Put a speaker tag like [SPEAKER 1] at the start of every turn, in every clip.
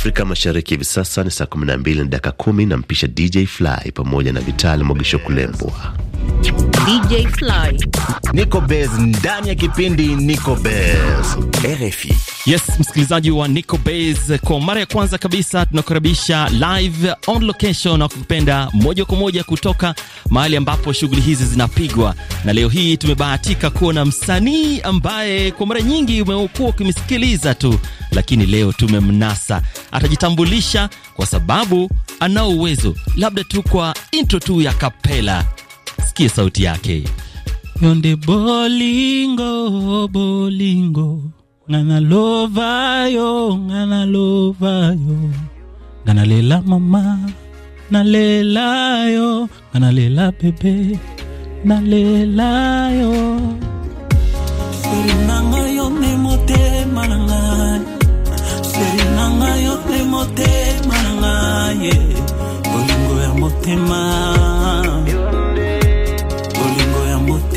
[SPEAKER 1] Afrika Mashariki hivi sasa ni saa 12 na dakika 10, na mpisha DJ Fly pamoja na Vital Mogisho Kulembwa.
[SPEAKER 2] DJ Fly
[SPEAKER 1] Niko
[SPEAKER 3] Bez ndani ya kipindi Niko Bez RFI.
[SPEAKER 1] Yes, msikilizaji wa Niko Bez, kwa mara ya kwanza kabisa tunakaribisha live on location na kupenda moja kwa moja kutoka mahali ambapo shughuli hizi zinapigwa, na leo hii tumebahatika kuona msanii ambaye kwa mara nyingi umekuwa ukimsikiliza tu, lakini leo tumemnasa. Atajitambulisha kwa sababu anao uwezo, labda tu kwa intro tu ya kapela Sikie sauti yake.
[SPEAKER 2] Yonde bolingo bolingo ngana lovayo ngana lovayo ngana lela mama nalelayo ngana lela bebe nalelayo na bolingo ya motema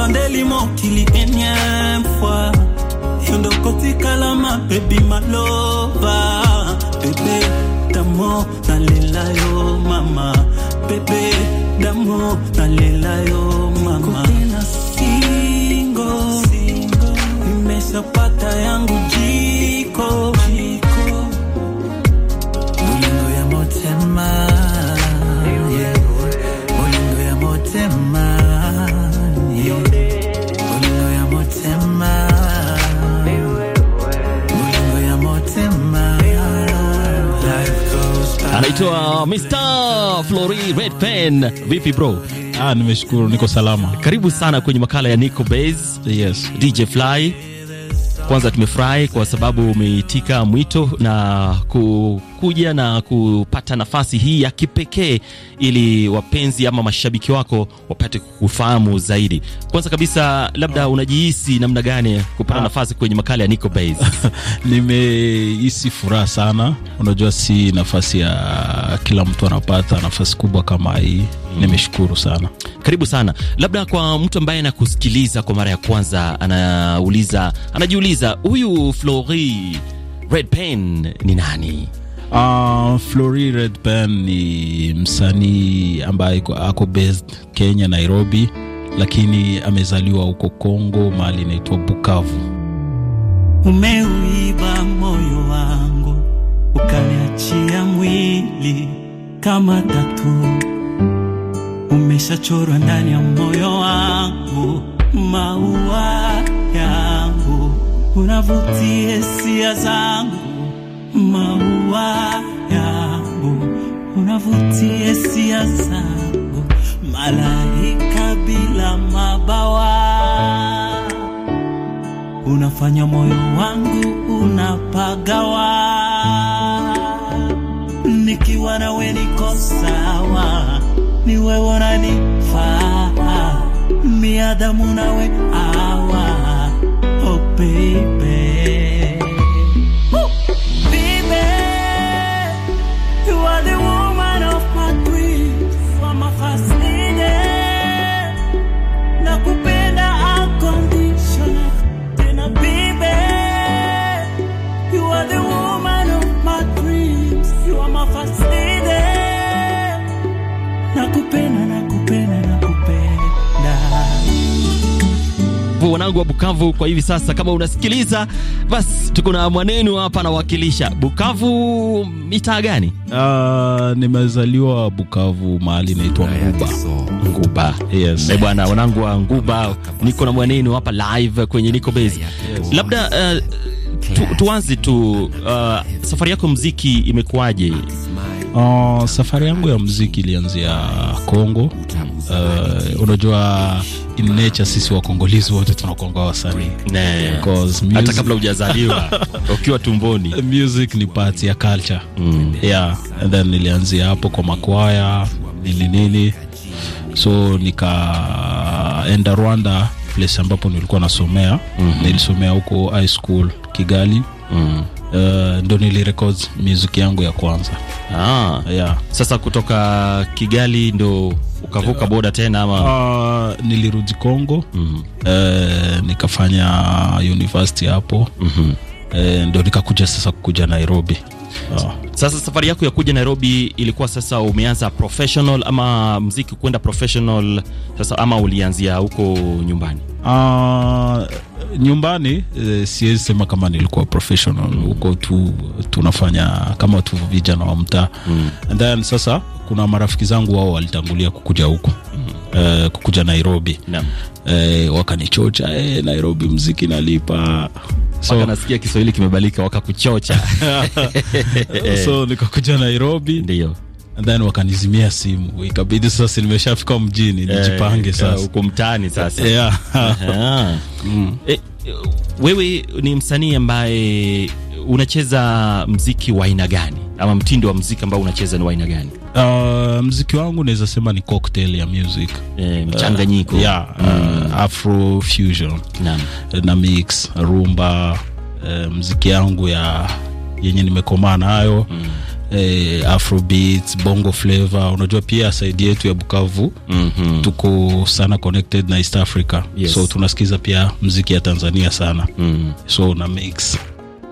[SPEAKER 2] Bandelimo kili énième fois Yondo kotika la ma baby malova Bébé damo nalela yo mama Bébé damo nalela yo mama Kukena singo Nimesha pata yangu jiko
[SPEAKER 1] anaitwa Mr. Flori Red Pen. Vipi bro? Ah, nimeshukuru niko salama. Karibu sana kwenye makala ya Nico Base. Yes. DJ Fly. Kwanza tumefurahi kwa sababu umeitika mwito na ku kuja na kupata nafasi hii ya kipekee ili wapenzi ama mashabiki wako wapate kufahamu zaidi. Kwanza kabisa, labda ah. unajihisi namna gani kupata ah. nafasi kwenye makala ya Nico Base?
[SPEAKER 3] Nimehisi furaha sana. Unajua, si nafasi ya kila mtu anapata nafasi kubwa kama hii. Mm. Nimeshukuru sana.
[SPEAKER 1] Karibu sana. Labda kwa mtu ambaye anakusikiliza kwa mara ya kwanza, anauliza anajiuliza, huyu Flori Red Pen ni nani?
[SPEAKER 3] Uh, ah, Flori Redpen ni msanii ambaye ako based Kenya, Nairobi, lakini amezaliwa huko Kongo, mahali inaitwa Bukavu.
[SPEAKER 2] Umeuiba moyo wangu ukaniachia mwili kama tatu, umeshachorwa ndani ya moyo wangu, maua yangu, unavutia hisia zangu maua yabo, unavutia sia zabo, malaika bila mabawa, unafanya moyo wangu unapagawa. Nikiwa nawe niko sawa, ni wewe unanifaa miadamu nawe ah.
[SPEAKER 1] Bukavu, wanangu wa Bukavu, kwa hivi sasa kama unasikiliza, basi tuko na mwanenu hapa anawakilisha Bukavu. Mitaa gani?
[SPEAKER 3] Uh, nimezaliwa Bukavu, mahali inaitwa Nguba. Nguba, yes. Eh, bwana, wanangu wa Nguba, niko
[SPEAKER 1] na mwanenu hapa live kwenye Niko Base. Labda uh, tu, tuanze tu uh, safari yako mziki imekuwaje?
[SPEAKER 3] Uh, safari yangu ya mziki ilianzia Kongo. Uh, unajua in nature sisi wakongolizi wote tunakonga wasanii hata kabla hujazaliwa ukiwa tumboni. Music ni part ya culture mm. Yeah, and then nilianzia hapo kwa makwaya nini nini, so nikaenda Rwanda place ambapo nilikuwa nasomea mm -hmm. Nilisomea huko high school Kigali mm uh, ndo nili record music yangu ya kwanza. Ah, yeah. Sasa kutoka
[SPEAKER 1] Kigali ndo ukavuka boda tena ama?
[SPEAKER 3] Uh, nilirudi Congo mm -hmm. uh, nikafanya university hapo mm -hmm. uh, ndo nikakuja sasa kukuja Nairobi Oh.
[SPEAKER 1] Sasa safari yako ya kuja Nairobi ilikuwa sasa umeanza professional ama mziki kwenda professional sasa ama ulianzia huko nyumbani?
[SPEAKER 3] Uh, nyumbani e, siwezi sema kama nilikuwa professional mm. huko tu, tunafanya kama tu vijana wa mtaa mm. And then sasa kuna marafiki zangu wao walitangulia kukuja huko mm. Uh, kukuja Nairobi Naam eh, wakanichocha eh, Nairobi mziki nalipa so, nasikia Kiswahili kimebalika wakakuchocha so nikakuja Nairobi ndio And then wakanizimia simu, ikabidi sasa, nimeshafika mjini eh, nijipange sasa huko mtaani sasa yeah.
[SPEAKER 1] mm. E, wewe ni msanii ambaye unacheza mziki wa aina gani ama mtindo wa mziki ambao unacheza ni wa aina gani?
[SPEAKER 3] Uh, mziki wangu naweza sema ni cocktail ya music e, mchanganyiko uh, yeah, uh, mm. uh, afro fusion uh, na, mix rumba uh, mziki yangu ya yenye nimekomaa nayo mm. Eh, afro beats bongo flavor, unajua pia saidi yetu ya Bukavu mm -hmm. tuko sana connected na East Africa yes. so tunasikiza pia mziki ya Tanzania sana mm. so na mix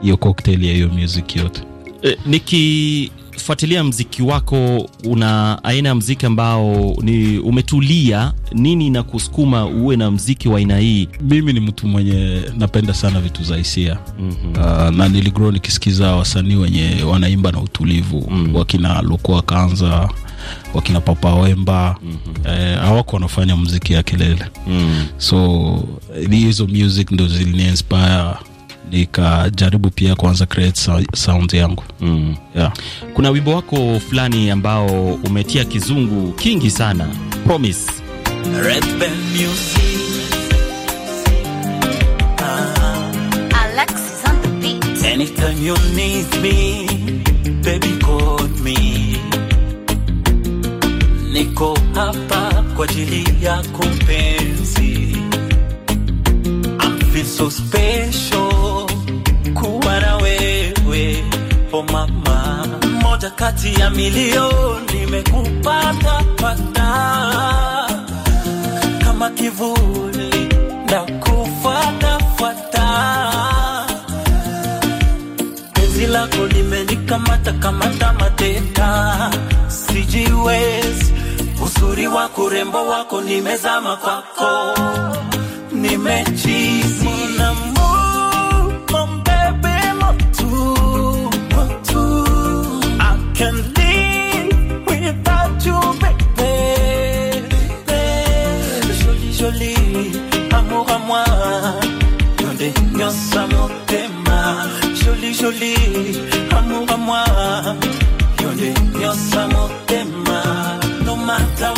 [SPEAKER 3] hiyo cocktail ya hiyo music yote
[SPEAKER 1] eh, niki kufuatilia mziki wako, una aina ya mziki ambao ni umetulia, nini na kusukuma uwe na mziki wa aina
[SPEAKER 3] hii? Mimi ni mtu mwenye napenda sana vitu za hisia mm -hmm. uh, na niligrow nikisikiza wasanii wenye wanaimba na utulivu mm -hmm. wakina Lokua Kanza wakina Papa Wemba mhm. eh, hawako, mm -hmm. eh, wanafanya muziki ya kelele mm -hmm. so hizo music ndo zilini inspire nikajaribu pia kuanza create sound yangu mm. yeah.
[SPEAKER 1] Kuna wimbo wako fulani ambao umetia kizungu kingi sana, Promise.
[SPEAKER 2] Rebel music. Uh-huh. Anytime you need me, baby call me. Niko hapa kwa ajili I feel so special. ulipo mama, moja kati ya milioni. Nimekupata pata kama kivuli na kufuata fuata, penzi lako limenikamata kamata mateka, sijiwezi. Uzuri wako, urembo wako, nimezama kwako, nimechii nyonsa motema joli joli amour à moi yo nde nyonsa motema no matter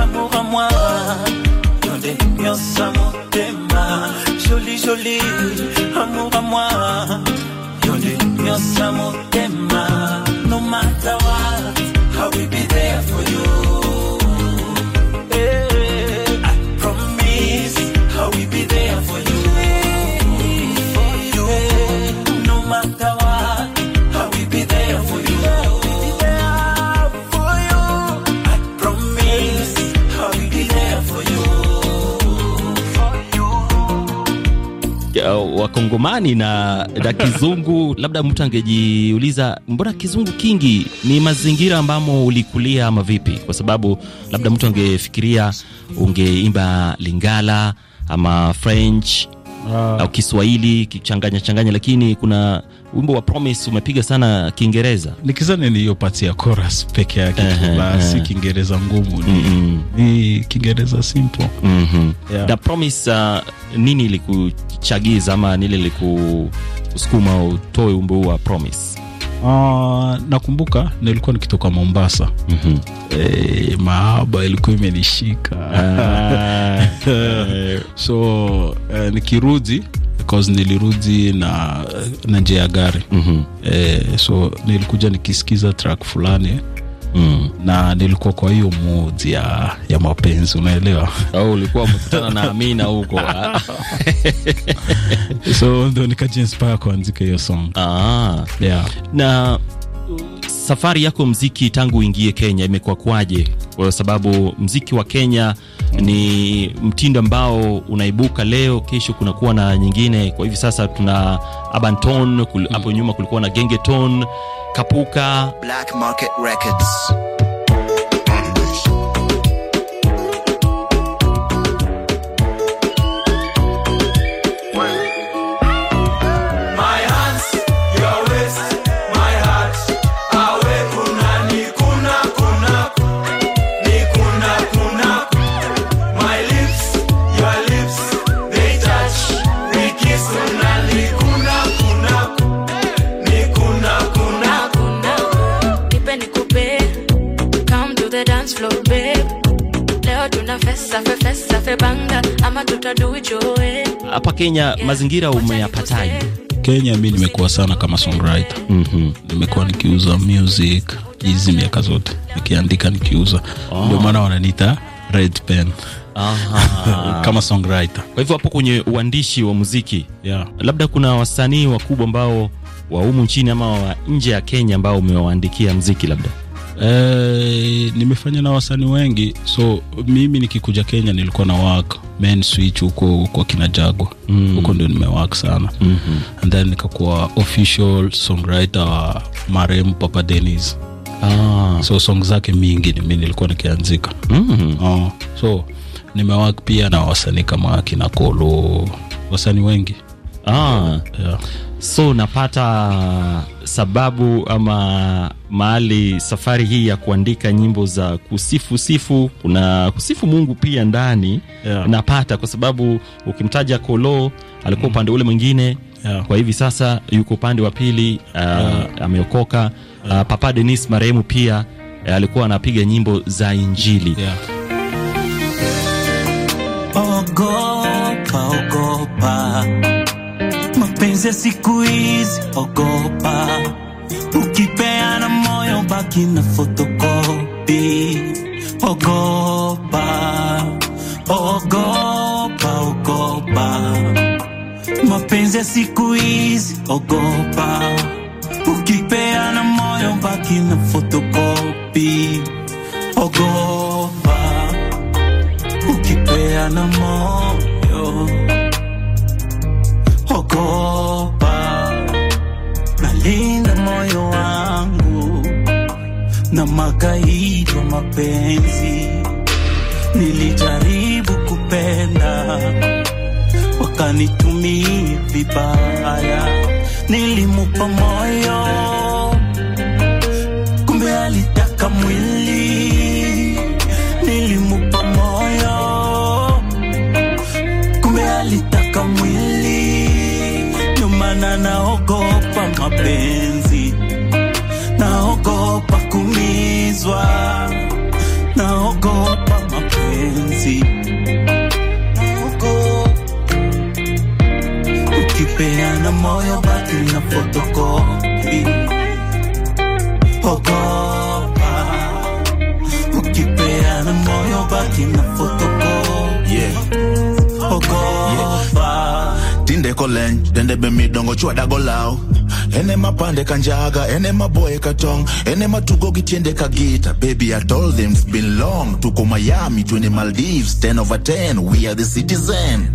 [SPEAKER 2] amour à moi Yonde nyonso motema joli joli amour à moi Yonde nyonso motema no matter what I will be there for you
[SPEAKER 1] Uh, Wakongomani na, na Kizungu labda mtu angejiuliza mbona Kizungu kingi? Ni mazingira ambamo ulikulia ama vipi? Kwa sababu labda mtu angefikiria ungeimba Lingala ama French uh, au Kiswahili kichanganya changanya, lakini kuna wimbo wa Promise umepiga sana Kiingereza,
[SPEAKER 3] nikizani niliyopatia chorus peke yake uh -huh, si Kiingereza ngumu ni, mm -hmm. ni Kiingereza simple
[SPEAKER 1] mm -hmm. yeah. Promise, uh, nini ilikuchagiza ama nili likusukuma utoe wimbo wa Promise?
[SPEAKER 3] Uh, nakumbuka nilikuwa nikitoka Mombasa mm -hmm. Hey, eh, mahaba ilikuwa imenishika ah, so uh, nikirudi because nilirudi na, na njia ya gari mm-hmm. e, so nilikuja nikisikiza track fulani Mm. na nilikuwa kwa hiyo mood ya, ya mapenzi unaelewa au oh,
[SPEAKER 1] ulikuwa mkutana na amina huko
[SPEAKER 3] so ndo nikajinspire kuandika hiyo song
[SPEAKER 1] ah. yeah. na safari yako mziki tangu uingie Kenya imekuwa kwaje? Kwa sababu mziki wa Kenya ni mtindo ambao unaibuka leo, kesho kunakuwa na nyingine. Kwa hivi sasa tuna abanton hapo nyuma kulikuwa na gengeton
[SPEAKER 2] kapuka, Black Market Records
[SPEAKER 1] Hapa Kenya mazingira umeyapataje?
[SPEAKER 3] Kenya mi nimekuwa sana kama songwriter. mm -hmm. Nimekuwa nikiuza music hizi miaka zote, nikiandika nikiuza. oh. Ndio maana wananiita Red Pen. kama songwriter. Kwa hivyo hapo kwenye uandishi
[SPEAKER 1] wa muziki yeah. Labda kuna wasanii wakubwa ambao wa humu nchini ama wa nje ya Kenya ambao umewaandikia mziki
[SPEAKER 3] labda? Eh, nimefanya na wasanii wengi so mimi nikikuja Kenya nilikuwa na work main switch huko kwa kina Jagwa mm. huko ndio nimework sana
[SPEAKER 2] mm -hmm.
[SPEAKER 3] and then nikakuwa official songwriter wa marehemu Papa Dennis ah. so song zake mingi mi nilikuwa nikianzika mm -hmm. oh. so nimewak pia na wasanii kama kina Kolo wasanii wengi ah. yeah. So napata sababu
[SPEAKER 1] ama mahali safari hii ya kuandika nyimbo za kusifu sifu, kuna kusifu Mungu pia ndani yeah. Napata kwa sababu ukimtaja Kolo alikuwa mm. upande mm. ule mwingine yeah. Kwa hivi sasa yuko upande wa pili uh, yeah. Ameokoka uh, yeah. Uh, Papa Denis marehemu pia uh, alikuwa anapiga nyimbo za Injili yeah.
[SPEAKER 2] Ogopa, ogopa. Sense sikuizi ogopa, ukipeana moyo baki na fotokopi. Ogopa, é ogopa, ogopa. Mapenzi ya siku hizi ogopa, ukipeana moyo baki na fotokopi. Ogopa, ukipeana moyo kuogopa, nalinda moyo wangu na magaidi wa mapenzi. Nilijaribu kupenda, wakanitumia vibaya, nilimupa moyo mapenzi, naogopa kumizwa, naogopa mapenzi ukipeana moyo baki na fotokopi, ogopa ukipeana moyo baki na fotokopi yeah. ogopa yeah.
[SPEAKER 3] tinde koleny dende be midongo chwada ene mapande kanjaga ene maboye katong ene matugo gitiende kagita baby i told them it's been long tuko miami twende maldives 10 over 10 we are the citizen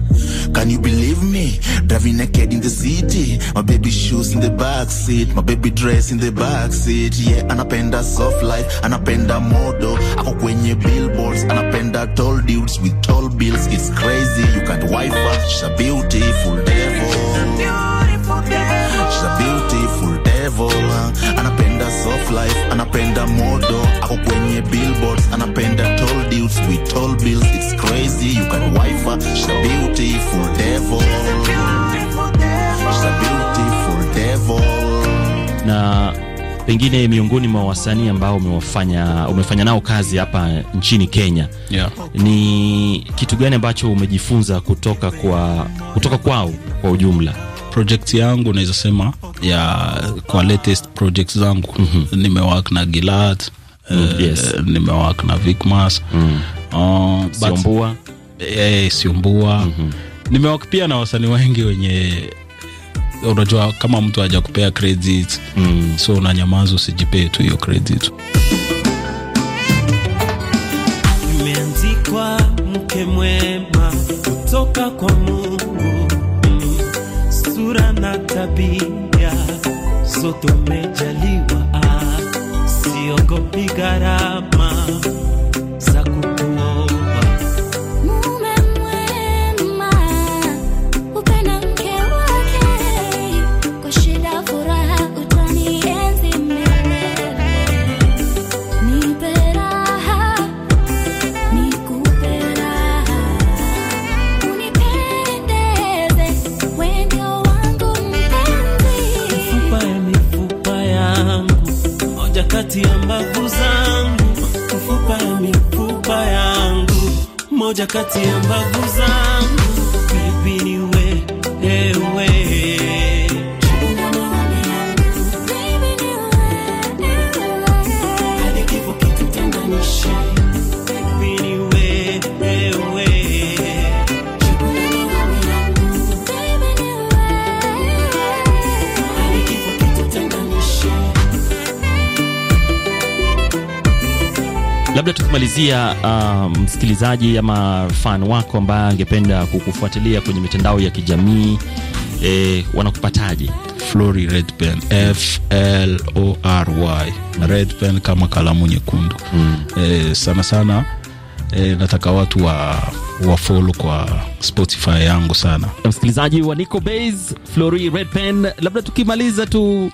[SPEAKER 3] can you believe me driving naked in the city my baby shoes in the back seat my baby dress in the back seat yeah anapenda soft life anapenda modo ako kwenye billboards anapenda tall dudes with tall bills it's crazy you can't wife her a beautiful
[SPEAKER 2] devil She's
[SPEAKER 3] a beautiful devil, anapenda soft life, anapenda modo, ako kwenye billboards, anapenda tall deals with tall bills. It's crazy, you can wife her. She's a beautiful devil. She's
[SPEAKER 2] a beautiful devil.
[SPEAKER 1] Na pengine miongoni mwa wasanii ambao umewafanya umefanya nao kazi hapa nchini Kenya
[SPEAKER 3] yeah. Ni kitu gani ambacho umejifunza kutoka kwa kutoka kwao kwa ujumla? project yangu naweza sema ya kwa latest projects zangu mhm. mm -hmm. Eh, nimewak na Gilat mm, uh, oh, yes. nimewak na Vikmas mm. uh, Siombua, eh, Siombua. Mm -hmm. nimewak pia na wasanii wengi wenye unajua kama mtu aja kupea credit mm. so na nyamazo usijipee tu hiyo credit
[SPEAKER 2] imeanzikwa mke mwema kutoka kwa Mungu sura na tabia, sote tumejaliwa, ah, siogopi gharama moja kati ya mbavu zangu
[SPEAKER 1] Labda tukimalizia msikilizaji um, msikilizaji ama fan wako ambaye angependa kukufuatilia kwenye mitandao ya kijamii eh, wanakupataje?
[SPEAKER 3] Flory Pen, F L O R Y Pen kama kalamu nyekundu mm. E, sana sana e, nataka watu wa wafolo kwa Spotify yangu sana. Msikilizaji wa Nico Base, Flory Pen, labda tukimaliza tu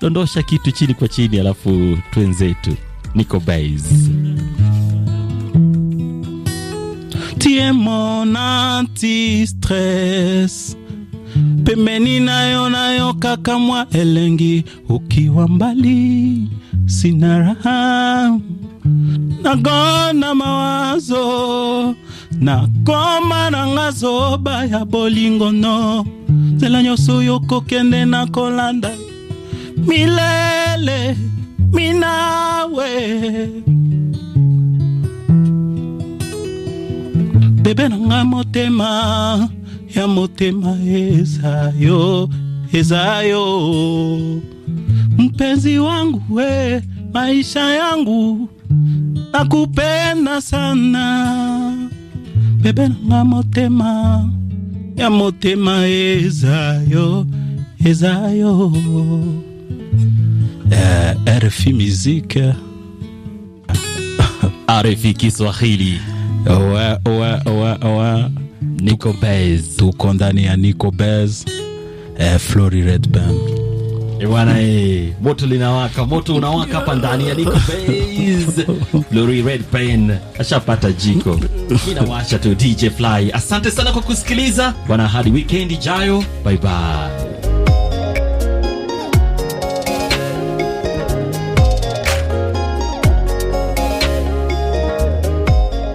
[SPEAKER 3] dondosha kitu chini
[SPEAKER 1] kwa chini, alafu twenzetu Nico Bays.
[SPEAKER 3] Tu es
[SPEAKER 2] mon
[SPEAKER 3] anti-stress.
[SPEAKER 2] pembeni na yo na yo kaka mwa elengi ukiwa mbali sina raha nagona mawazo nakoma nanga zoba ya bolingono nzela nyonso yokokende na kolanda milele mimi nawe eh. bebe nanga motema ya motema eza yo eza yo mpenzi wangu we eh, maisha yangu nakupenda sana bebe nanga motema ya motema eza yo eza yo
[SPEAKER 1] uh,
[SPEAKER 3] eh, RFI Music RFI Kiswahili. Wa, wa, wa, wa. Nico Bez, tuko ndani ya Nico Bez, uh, eh, Flori Red eh, Band Ewana, eh, moto linawaka,
[SPEAKER 1] moto unawaka hapa ndani ya Nico Bez. Glory Red Pen ashapata jiko. Mimi nawasha tu DJ Fly. Asante sana kwa kusikiliza. Bwana hadi weekend ijayo. Bye bye.